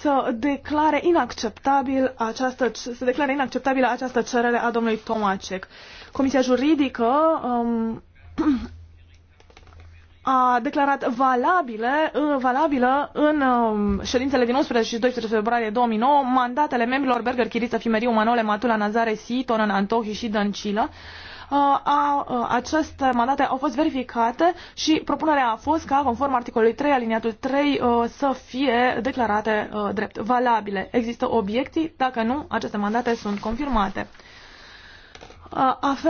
să declare inacceptabil această, să declare inacceptabilă această cerere a domnului Tomacek. Comisia juridică um, a declarat valabile, valabilă în um, ședințele din 11 și 12 februarie 2009 mandatele membrilor Berger, Chiriță, Fimeriu, Manole, Matula, Nazare, Siton, Antohi și Dăncilă Uh, uh, aceste mandate au fost verificate și propunerea a fost ca, conform articolului 3, aliniatul 3, uh, să fie declarate drept valabile. Există obiecții? Dacă nu, aceste mandate sunt confirmate.